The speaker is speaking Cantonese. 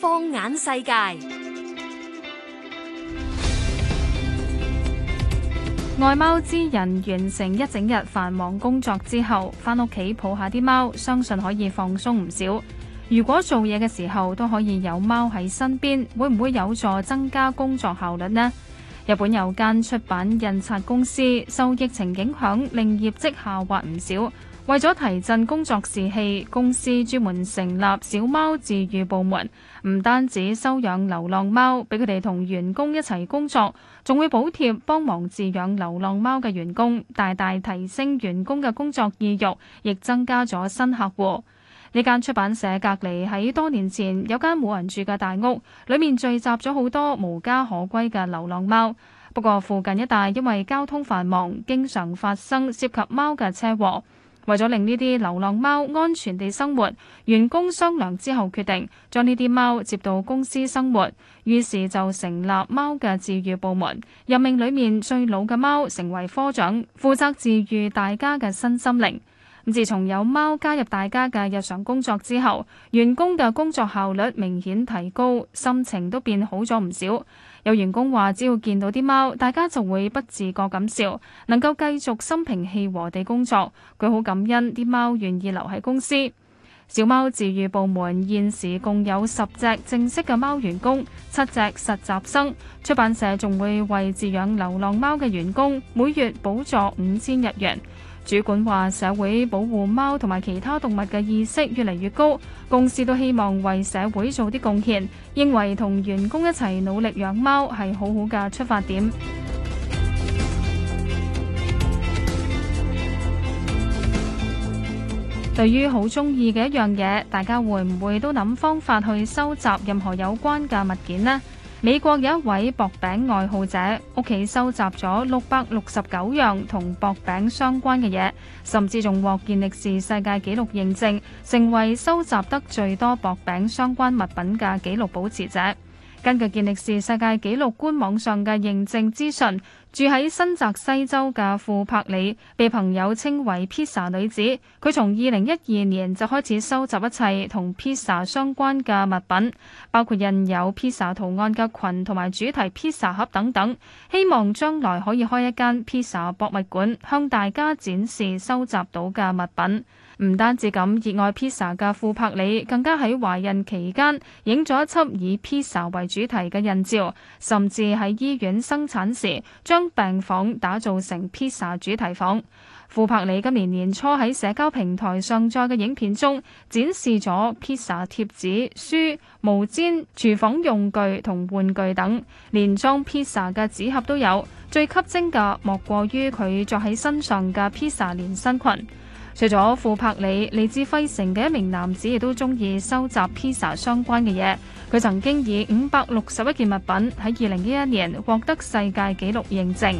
放眼世界，愛貓之人完成一整日繁忙工作之後，翻屋企抱下啲貓，相信可以放鬆唔少。如果做嘢嘅時候都可以有貓喺身邊，會唔會有助增加工作效率呢？日本有間出版印刷公司，受疫情影響，令業績下滑唔少。為咗提振工作士氣，公司專門成立小貓治愈部門，唔單止收養流浪貓，俾佢哋同員工一齊工作，仲會補貼幫忙飼養流浪貓嘅員工，大大提升員工嘅工作意欲，亦增加咗新客戶。呢間出版社隔籬喺多年前有間冇人住嘅大屋，裏面聚集咗好多無家可歸嘅流浪貓。不過附近一帶因為交通繁忙，經常發生涉及貓嘅車禍。為咗令呢啲流浪貓安全地生活，員工商量之後決定將呢啲貓接到公司生活，於是就成立貓嘅治癒部門，任命裏面最老嘅貓成為科長，負責治癒大家嘅新心靈。自從有貓加入大家嘅日常工作之後，員工嘅工作效率明顯提高，心情都變好咗唔少。有員工話：只要見到啲貓，大家就會不自覺咁笑，能夠繼續心平氣和地工作。佢好感恩啲貓願意留喺公司。小貓治癒部門現時共有十隻正式嘅貓員工，七隻實習生。出版社仲會為自養流浪貓嘅員工每月補助五千日元。主管話：社會保護貓同埋其他動物嘅意識越嚟越高，公司都希望為社會做啲貢獻，認為同員工一齊努力養貓係好好嘅出發點。 對於好中意嘅一樣嘢，大家會唔會都諗方法去收集任何有關嘅物件呢？美國有一位薄餅愛好者，屋企收集咗六百六十九樣同薄餅相關嘅嘢，甚至仲獲健力士世界紀錄認證，成為收集得最多薄餅相關物品嘅紀錄保持者。根據健力士世界紀錄官網上嘅認證資訊，住喺新澤西州嘅富柏里被朋友稱為披薩女子。佢從二零一二年就開始收集一切同披薩相關嘅物品，包括印有披薩圖案嘅裙同埋主題披薩盒等等，希望將來可以開一間披薩博物館向大家展示收集到嘅物品。唔單止咁熱愛披薩嘅富柏里，更加喺懷孕期間影咗一輯以披薩為主題嘅印照，甚至喺醫院生產時將。病房打造成披薩主題房。傅柏里今年年初喺社交平台上載嘅影片中，展示咗披薩貼紙、書、毛氈、廚房用具同玩具等，連裝披薩嘅紙盒都有。最吸睛嘅莫過於佢着喺身上嘅披薩連身裙。除咗富柏里，嚟自費城嘅一名男子亦都中意收集披薩相關嘅嘢。佢曾經以五百六十一件物品喺二零一一年獲得世界紀錄認證。